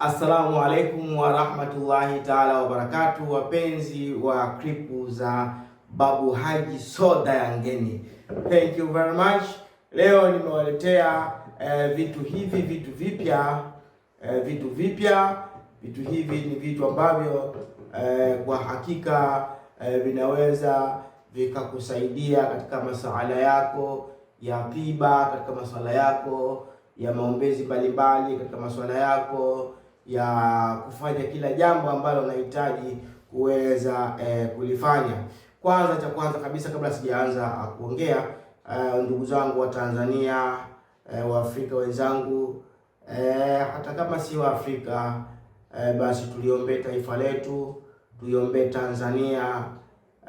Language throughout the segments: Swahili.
Assalamu alaikum warahmatullahi taala wabarakatu, wapenzi wa kripu za Babu Haji soda ya ngeni, thank you very much. Leo nimewaletea eh, vitu hivi vitu vipya eh, vitu vipya vitu hivi ni vitu ambavyo eh, kwa hakika eh, vinaweza vikakusaidia katika masuala yako ya tiba, katika masuala yako ya maombezi mbalimbali, katika masuala yako ya kufanya kila jambo ambalo unahitaji kuweza eh, kulifanya. Kwanza cha kwanza kabisa kabla sijaanza ah, kuongea eh, ndugu zangu wa Tanzania eh, Waafrika wenzangu eh, hata kama si Waafrika eh, basi tuliombee taifa letu, tuiombee Tanzania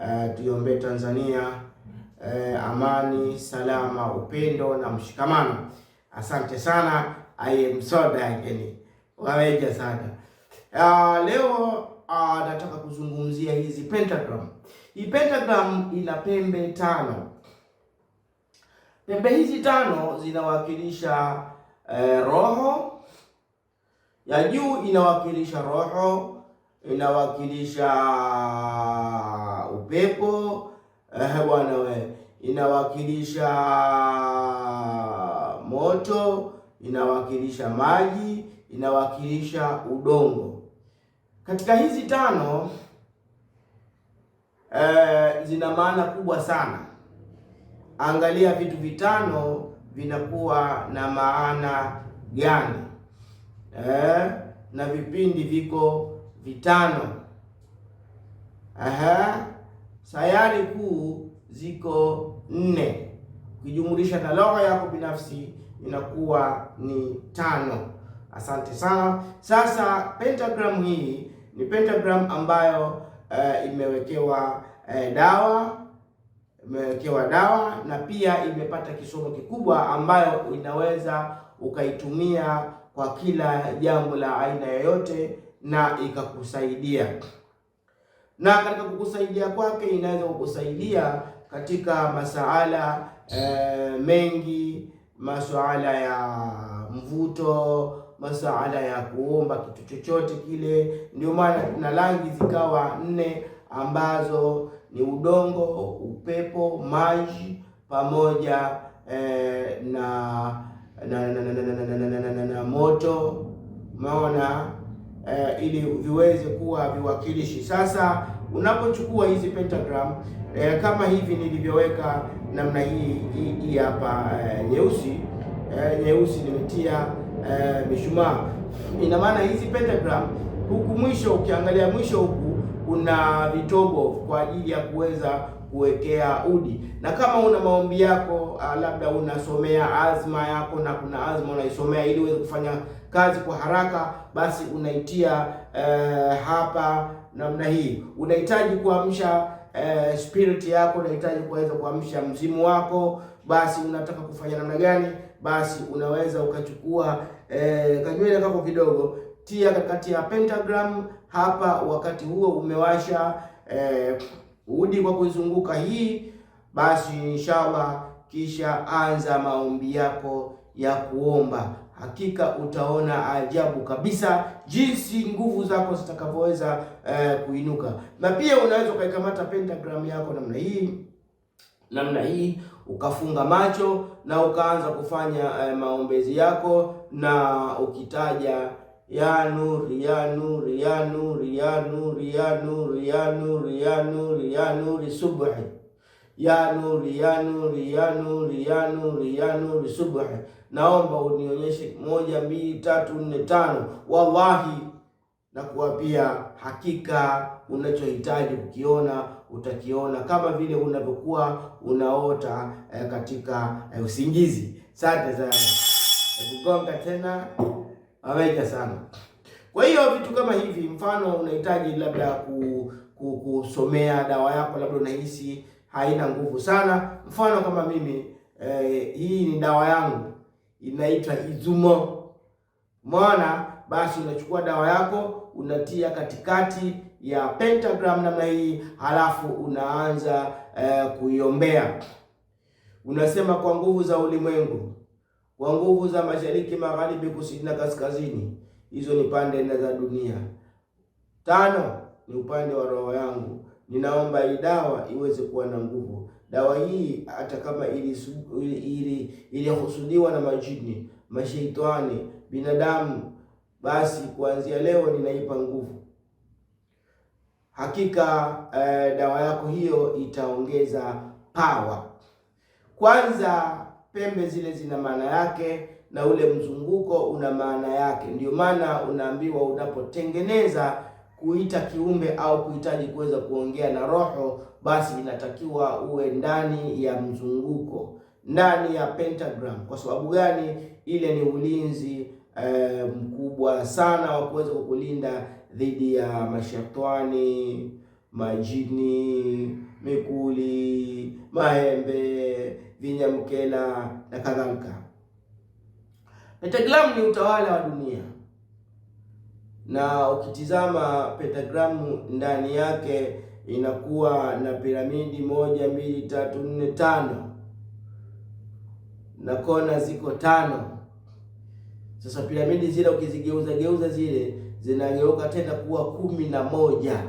eh, tuiombee Tanzania eh, amani, salama, upendo na mshikamano. Asante sana. I am so waweja sana. Uh, leo uh, nataka kuzungumzia hizi pentagram. Hii pentagram ina pembe tano. Pembe hizi tano zinawakilisha eh, roho ya juu inawakilisha roho, inawakilisha upepo eh, bwana we, inawakilisha moto, inawakilisha maji inawakilisha udongo. Katika hizi tano e, zina maana kubwa sana. Angalia vitu vitano vinakuwa na maana gani? E, na vipindi viko vitano. Aha, sayari kuu ziko nne, ukijumulisha na lugha yako binafsi inakuwa ni tano. Asante sana. Sasa pentagram hii ni pentagram ambayo uh, imewekewa uh, dawa imewekewa dawa na pia imepata kisomo kikubwa ambayo inaweza ukaitumia kwa kila jambo la aina yoyote na ikakusaidia. Na katika kukusaidia kwake inaweza kukusaidia katika masuala eh, mengi, masuala ya mvuto masuala ya kuomba kitu chochote kile. Ndio maana kuna rangi zikawa nne ambazo ni udongo, upepo, maji pamoja na na na moto. Umeona eh, ili viweze kuwa viwakilishi. Sasa unapochukua hizi pentagram eh, kama hivi nilivyoweka namna hii hii hapa eh, nyeusi eh, nyeusi nimetia eh, mishumaa. Ina maana hizi pentagram huku mwisho, ukiangalia mwisho huku kuna vitobo kwa ajili ya kuweza kuwekea udi. Na kama una maombi yako, ah, labda unasomea azma yako na kuna azma unaisomea ili uweze kufanya kazi kwa haraka, basi unaitia eh, hapa namna hii. Unahitaji kuamsha eh, spirit yako, unahitaji kuweza kuamsha mzimu wako, basi unataka kufanya namna gani? basi unaweza ukachukua eh, kanywele kako kidogo, tia katikati ya pentagram hapa, wakati huo umewasha eh, udi kwa kuizunguka hii, basi inshallah, kisha anza maombi yako ya kuomba. Hakika utaona ajabu kabisa jinsi nguvu zako zitakavyoweza eh, kuinuka. Na pia unaweza ukaikamata pentagram yako namna hii namna hii ukafunga macho na ukaanza kufanya eh, maombezi yako na ukitaja ya nuri ya nuri ya nuri ya nuri ya nuri ya nuri ya nuri ya nuri subhi ya nuri ya nuri ya nuri ya nuri ya nuri subhi. Naomba unionyeshe moja, mbili, tatu, nne, tano. Wallahi na kuwapia, hakika unachohitaji kukiona utakiona kama vile unavyokuwa unaota eh, katika eh, usingizi. sante sana kugonga tena ameja sana. Kwa hiyo vitu kama hivi, mfano unahitaji labda kusomea dawa yako, labda unahisi haina nguvu sana. Mfano kama mimi eh, hii ni dawa yangu inaitwa Izumo. Umeona? Basi unachukua dawa yako unatia katikati ya pentagram namna hii, halafu unaanza uh, kuiombea. Unasema kwa nguvu za ulimwengu, kwa nguvu za mashariki, magharibi, kusini na kaskazini. Hizo ni pande nne za dunia. Tano ni upande wa roho yangu, ninaomba hii dawa iweze kuwa na nguvu. Dawa hii hata kama ilihusudiwa ili, ili na majini, mashaitani, binadamu, basi kuanzia leo ninaipa nguvu hakika eh, dawa yako hiyo itaongeza power. Kwanza pembe zile zina maana yake na ule mzunguko una maana yake. Ndio maana unaambiwa unapotengeneza kuita kiumbe au kuhitaji kuweza kuongea na roho, basi inatakiwa uwe ndani ya mzunguko, ndani ya pentagram. Kwa sababu gani? Ile ni ulinzi eh, mkubwa sana wa kuweza kukulinda dhidi ya mashetani, majini, mikuli, mahembe, vinyamkela na kadhalika. Pentagramu ni utawala wa dunia, na ukitizama pentagramu ndani yake inakuwa na piramidi moja, mbili, tatu, nne, tano na kona ziko tano. Sasa piramidi zile ukizigeuza geuza zile zinageuka tena kuwa kumi na moja.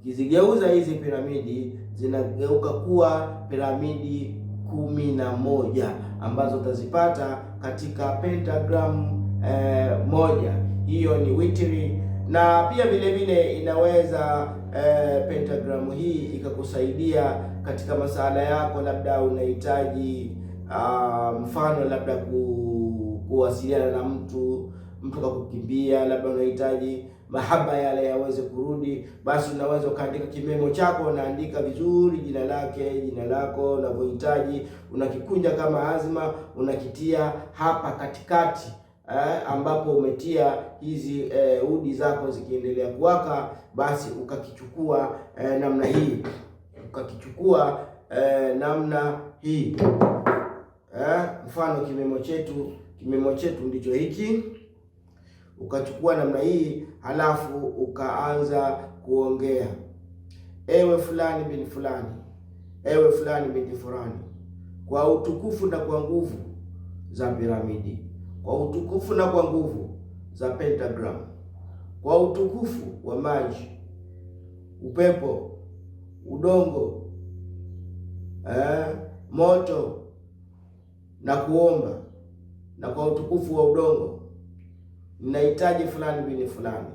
Ukizigeuza hizi piramidi zinageuka kuwa piramidi kumi na moja ambazo utazipata katika pentagram eh, moja. Hiyo ni witri na pia vile vile inaweza eh, pentagramu hii ikakusaidia katika masala yako, labda unahitaji uh, mfano labda ku, kuwasiliana na mtu mtaka kukimbia, labda unahitaji mahaba yale yaweze kurudi, basi unaweza ukaandika kimemo chako, unaandika vizuri jina lake, jina lako unavyohitaji, unakikunja kama azma, unakitia hapa katikati eh, ambapo umetia hizi eh, udi zako zikiendelea kuwaka, basi ukakichukua eh, namna hii, ukakichukua eh, namna hii eh, mfano kimemo chetu kimemo chetu ndicho hiki ukachukua namna hii, halafu ukaanza kuongea, ewe fulani bin fulani, ewe fulani bin fulani, kwa utukufu na kwa nguvu za piramidi, kwa utukufu na kwa nguvu za pentagram, kwa utukufu wa maji, upepo, udongo, eh, moto na kuomba, na kwa utukufu wa udongo ninahitaji fulani bin fulani.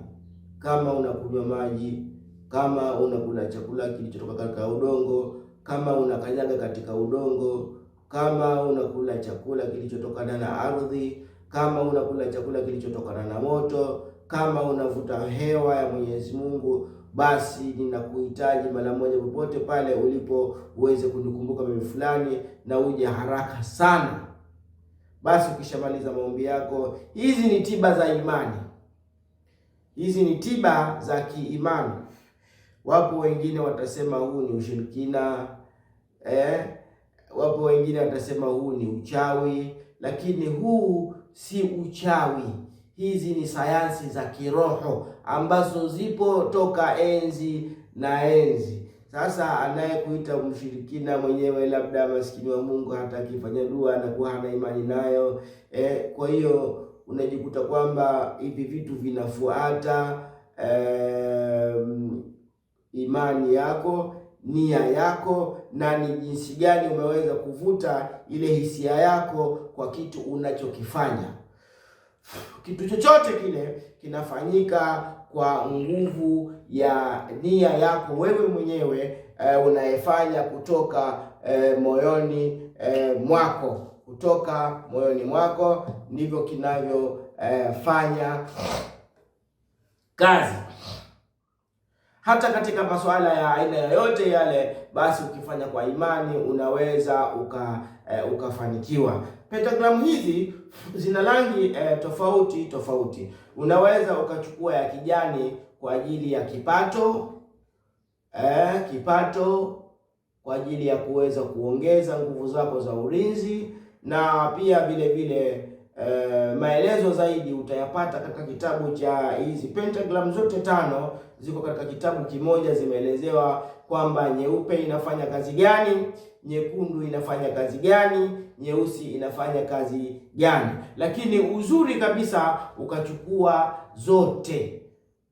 Kama unakunywa maji, kama unakula chakula kilichotoka katika udongo, kama unakanyaga katika udongo, kama unakula chakula kilichotokana na ardhi, kama unakula chakula kilichotokana na moto, kama unavuta hewa ya Mwenyezi Mungu, basi ninakuhitaji mara moja, popote pale ulipo, uweze kunikumbuka mimi fulani, na uje haraka sana basi ukishamaliza maombi yako, hizi ni tiba za imani, hizi ni tiba za kiimani. Wapo wengine watasema huu ni ushirikina eh, wapo wengine watasema huu ni uchawi, lakini huu si uchawi. Hizi ni sayansi za kiroho ambazo zipo toka enzi na enzi. Sasa anayekuita mshirikina mwenyewe labda maskini wa Mungu hata akifanya dua anakuwa hana imani nayo eh. Kwa hiyo unajikuta kwamba hivi vitu vinafuata eh, imani yako, nia yako, na ni jinsi gani umeweza kuvuta ile hisia yako kwa kitu unachokifanya. Kitu chochote kile kinafanyika kwa nguvu ya nia yako wewe mwenyewe eh, unayefanya kutoka eh, moyoni eh, mwako kutoka moyoni mwako ndivyo kinavyofanya eh, kazi hata katika masuala ya aina yoyote yale, basi ukifanya kwa imani unaweza uka, eh, ukafanikiwa. Pentagramu hizi zina rangi eh, tofauti tofauti. Unaweza ukachukua ya kijani kwa ajili ya kipato eh, kipato kwa ajili ya kuweza kuongeza nguvu zako za ulinzi, na pia vile vile eh, maelezo zaidi utayapata katika kitabu cha hizi pentagram zote tano, ziko katika kitabu kimoja, zimeelezewa kwamba nyeupe inafanya kazi gani, nyekundu inafanya kazi gani nyeusi inafanya kazi gani, lakini uzuri kabisa ukachukua zote,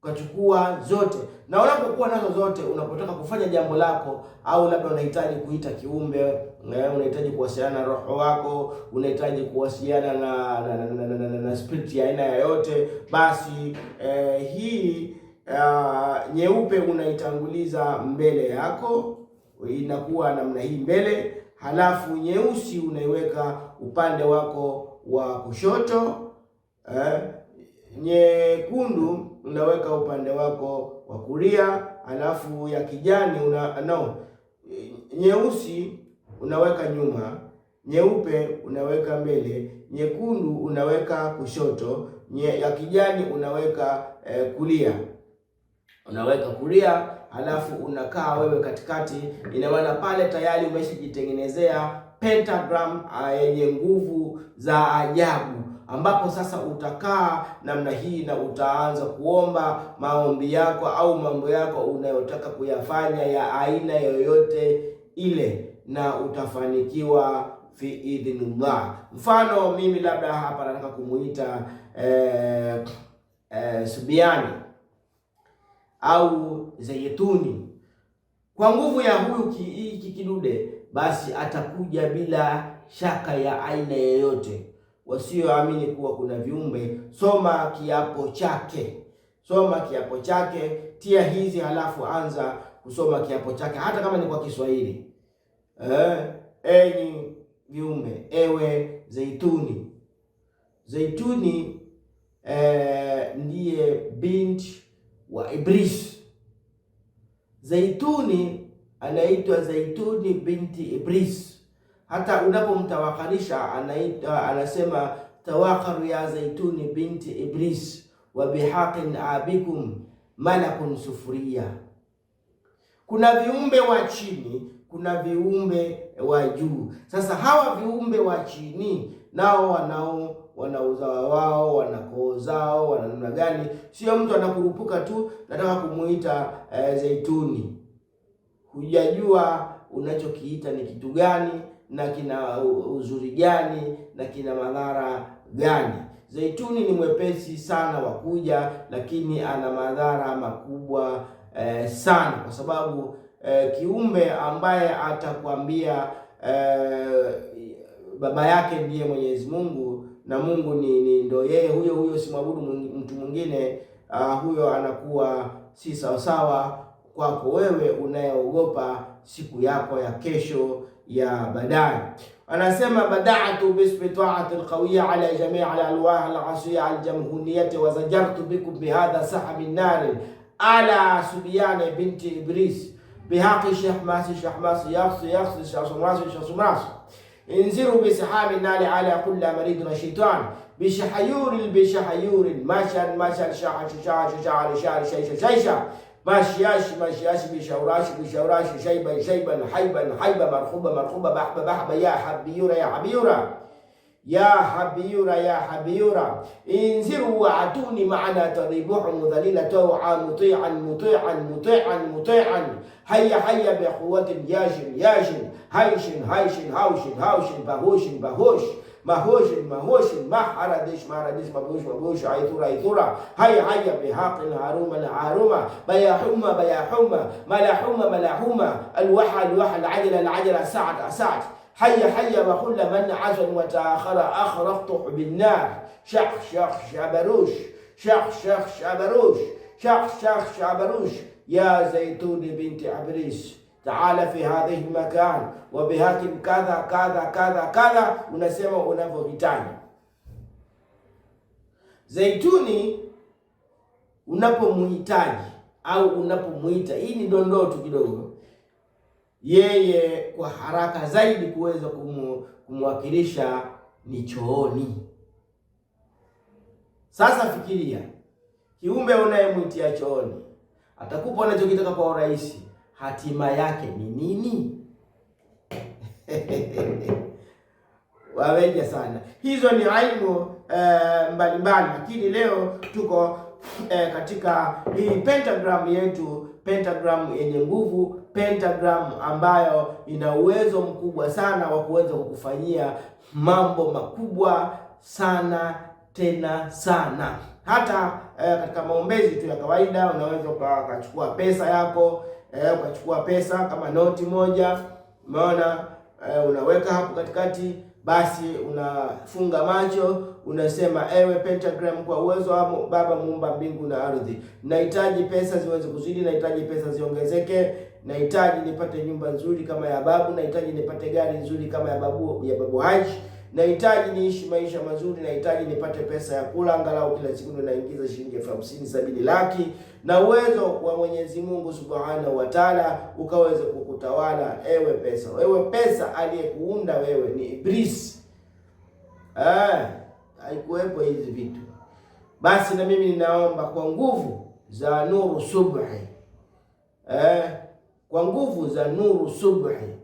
ukachukua zote. Na unapokuwa nazo zote, unapotaka kufanya jambo lako, au labda unahitaji kuita kiumbe, eh, unahitaji kuwasiliana na roho wako, unahitaji kuwasiliana na na, na, na, na, na spirit ya aina yoyote, basi eh, hii Uh, nyeupe unaitanguliza mbele yako, inakuwa namna hii mbele, halafu nyeusi unaiweka upande wako wa kushoto eh, nyekundu unaweka upande wako wa kulia, halafu ya kijani una, no, nyeusi unaweka nyuma, nyeupe unaweka mbele, nyekundu unaweka kushoto nye, ya kijani unaweka eh, kulia, unaweka kulia alafu unakaa wewe katikati, ina maana pale tayari umeshajitengenezea pentagram ah, yenye nguvu za ajabu, ambapo sasa utakaa namna hii na utaanza kuomba maombi yako au mambo yako unayotaka kuyafanya ya aina yoyote ile, na utafanikiwa fi idhnillah. Mfano mimi labda hapa nataka kumuita eh, eh, Subiani au zeituni. Kwa nguvu ya huyu hiki kidude, basi atakuja bila shaka ya aina yoyote wasioamini kuwa kuna viumbe. Soma kiapo chake, soma kiapo chake, tia hizi, halafu anza kusoma kiapo chake, hata kama ni kwa Kiswahili. Eh, enyi viumbe, ewe zeituni. Zeituni eh, ndiye binti wa Ibrish. Zaituni anaitwa Zaituni binti Ibris. Hata unapomtawakalisha anaitwa anasema tawakaru ya Zaituni binti Ibris wa bihaqin abikum malakun sufuria. Kuna viumbe wa chini, kuna viumbe wa juu. Sasa hawa viumbe wa chini nao wanao wana uzawa wao, wana koo zao, wana namna gani. Sio mtu anakurupuka tu, nataka kumuita eh, Zeituni. Hujajua unachokiita ni kitu gani na kina uzuri gani na kina madhara gani. Zeituni ni mwepesi sana wa kuja, lakini ana madhara makubwa eh, sana, kwa sababu eh, kiumbe ambaye atakwambia eh, baba yake ndiye Mwenyezi Mungu na Mungu ni, ni ndo yeye huyo huyo, simwabudu mtu mwingine. Uh, huyo anakuwa si sawasawa kwako wewe unayeogopa siku yako ya kesho ya baadaye. Anasema badatu bismi taati alqawiya ala jamii ala alwah alasiya aljamhuniyati wa zajartu bikum bihadha sahabi nari ala subyani binti ibris bihaqi shahmasi shahmasi yaqsi yaqsi shahmasi shahmasi انزلوا بسحاب النار على كل مريض وشيطان بشحيور بشحيور مشا مشا شعش شعش شعر شعر شيش شيش مشياش مشياش بشوراش بشوراش شيبا شيبا حيبا حيبا مرخوبا مرخوبا بحبا بحبا يا حبيورا يا حبيورا يا حبيورا يا حبيورا انزلوا وعدوني معنا تريبوح مذليلة عن مطيعا مطيعا مطيعا مطيعا هيا هيا بقوة ياجم ياجم هايشن هايشن هاوشن هاوشن باهوشن باهوش مهوشن مهوشن ما محردش مبوش مبوش عيثورة عيثورة هيا هيا بهاق الهارومة الهارومة ملا بياحمة ملا ملاحمة الوحى الوحى العجلة العجلة سعد سعد حي حي وكل من عزل وتاخر أخر اخرقته بالنار شخ شخ شابروش شخ شخ شابروش شخ شخ شابروش يا زيتون بنت عبريس taala fi hadhihi makan wa bihaki kadha kadha kadha kadha, unasema unavyohitaji. Zaituni unapomhitaji au unapomwita, hii ni dondoo tu kidogo, yeye kwa haraka zaidi kuweza kumwakilisha ni chooni. Sasa fikiria kiumbe unayemwitia chooni atakupa unachokitaka kwa urahisi hatima yake ni nini? Waweja sana. Hizo ni ilmu eh, mbalimbali, lakini leo tuko eh, katika hii pentagram yetu, pentagram yenye nguvu, pentagram ambayo ina uwezo mkubwa sana wa kuweza kukufanyia mambo makubwa sana tena sana. Hata eh, katika maombezi tu ya kawaida unaweza ukachukua pesa yako eh, ukachukua pesa kama noti moja, umeona eh, unaweka hapo katikati, basi unafunga macho unasema, ewe pentagram, kwa uwezo wa Baba muumba mbingu na ardhi, nahitaji pesa ziweze kuzidi, nahitaji pesa ziongezeke, nahitaji nipate nyumba nzuri kama ya babu, nahitaji nipate gari nzuri kama ya babu, ya babu Haji nahitaji niishi maisha mazuri, nahitaji nipate pesa ya kula angalau kila siku ndo naingiza shilingi elfu hamsini sabini laki, na uwezo wa Mwenyezi Mungu Subhanahu wa Ta'ala ukaweze kukutawala ewe pesa. Ewe pesa, aliyekuunda wewe ni Iblis, eh, haikuwepo hizi vitu. Basi na mimi ninaomba kwa nguvu za nuru subhi, eh, kwa nguvu za nuru subhi,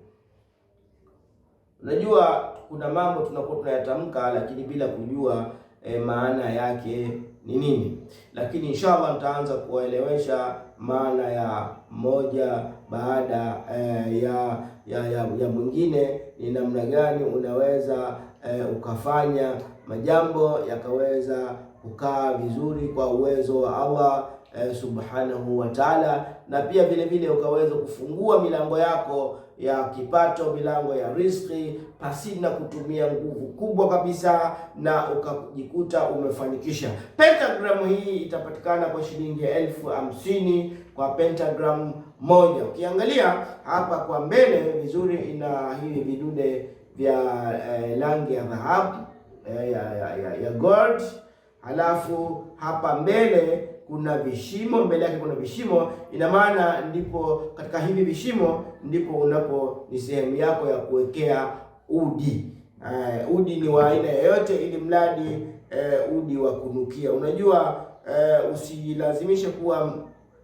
unajua kuna mambo tunakuwa tunayatamka lakini bila kujua e, maana yake ni nini, lakini inshallah nitaanza kuwaelewesha maana ya moja baada e, ya, ya, ya, ya mwingine ni namna gani unaweza e, ukafanya majambo yakaweza kukaa vizuri kwa uwezo wa Allah eh, subhanahu wa taala, na pia vile vile ukaweza kufungua milango yako ya kipato, milango ya riziki pasina na kutumia nguvu kubwa kabisa, na ukajikuta umefanikisha. pentagram hii itapatikana kwa shilingi elfu hamsini kwa pentagram moja. Ukiangalia hapa kwa mbele vizuri, ina hivi vidude vya eh, rangi eh, ya dhahabu eh, ya, ya, ya, ya gold, halafu hapa mbele kuna vishimo mbele yake, kuna vishimo. Ina maana ndipo katika hivi vishimo ndipo unapo ni sehemu yako ya kuwekea udi. Uh, udi ni wa aina yoyote, ili mradi uh, udi wa kunukia. Unajua uh, usilazimishe kuwa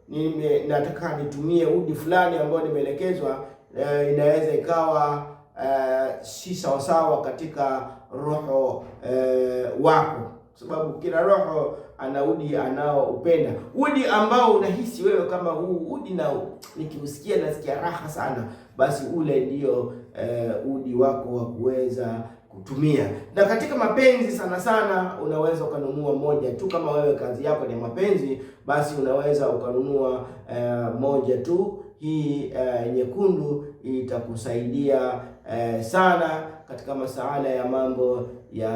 nime, nataka nitumie udi fulani ambayo nimeelekezwa. Uh, inaweza ikawa uh, si sawasawa katika roho uh, wako, kwa sababu kila roho ana udi anaoupenda, udi ambao unahisi wewe kama huu udi na nikiusikia nasikia raha sana, basi ule ndio e, udi wako wa kuweza kutumia. Na katika mapenzi sana sana unaweza ukanunua moja tu. Kama wewe kazi yako ni mapenzi, basi unaweza ukanunua e, moja tu hii e, nyekundu itakusaidia eh, sana katika masuala ya mambo ya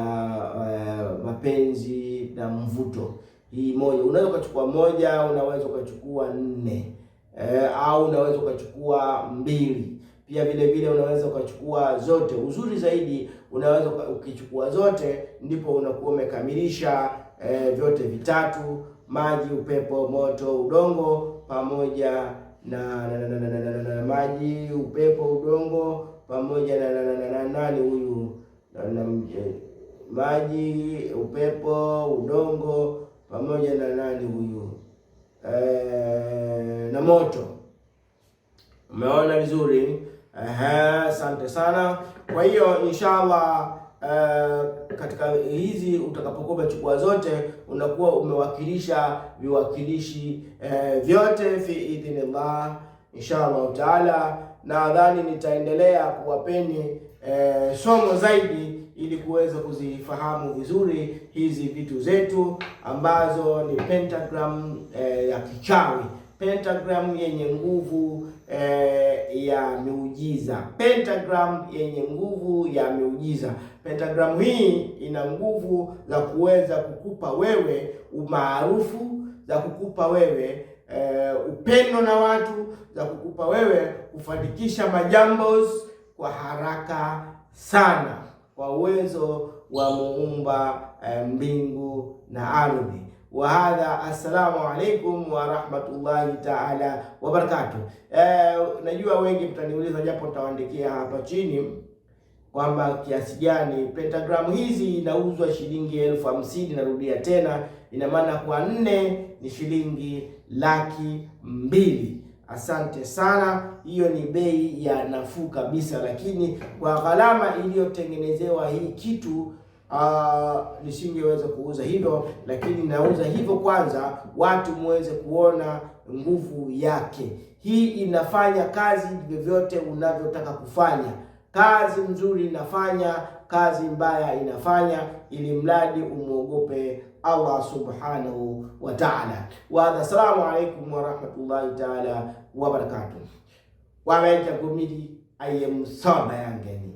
eh, mapenzi na mvuto. Hii moja unaweza ukachukua moja, unaweza ukachukua nne eh, au unaweza ukachukua mbili pia vile vile unaweza ukachukua zote. Uzuri zaidi unaweza ukichukua zote, ndipo unakuwa umekamilisha eh, vyote vitatu: maji, upepo, moto, udongo pamoja na maji, upepo, udongo pamoja na nani huyu maji, upepo, udongo pamoja na nani huyu na moto. Umeona vizuri? Asante sana. Kwa hiyo inshallah katika hizi utakapokuwa umechukua zote unakuwa umewakilisha viwakilishi eh, vyote fi idhnillah insha Allah taala. Nadhani nitaendelea kuwapeni eh, somo zaidi ili kuweza kuzifahamu vizuri hizi vitu zetu ambazo ni pentagram eh, ya kichawi, pentagram yenye nguvu e, ya miujiza, pentagram yenye nguvu ya miujiza. Pentagram hii ina nguvu za kuweza kukupa wewe umaarufu, za kukupa wewe e, upendo na watu, za kukupa wewe kufanikisha majambos kwa haraka sana, kwa uwezo wa muumba e, mbingu na ardhi wa hadha, assalamu alaikum wa rahmatullahi taala wabarakatu. Eh, najua wengi mtaniuliza, japo nitawaandikia hapa chini kwamba kiasi gani pentagramu hizi inauzwa shilingi elfu hamsini. Narudia tena, ina maana kwa nne ni shilingi laki mbili. Asante sana, hiyo ni bei ya nafuu kabisa, lakini kwa gharama iliyotengenezewa hii kitu uh, nisingeweza kuuza hilo, lakini nauza hivyo kwanza, watu muweze kuona nguvu yake. Hii inafanya kazi vyovyote unavyotaka kufanya, kazi nzuri inafanya, kazi mbaya inafanya, ili mradi umwogope Allah subhanahu wa ta'ala. Wa assalamu wa warahmatullahi taala wabarakatuh. wa gomiri ayem soba yangeni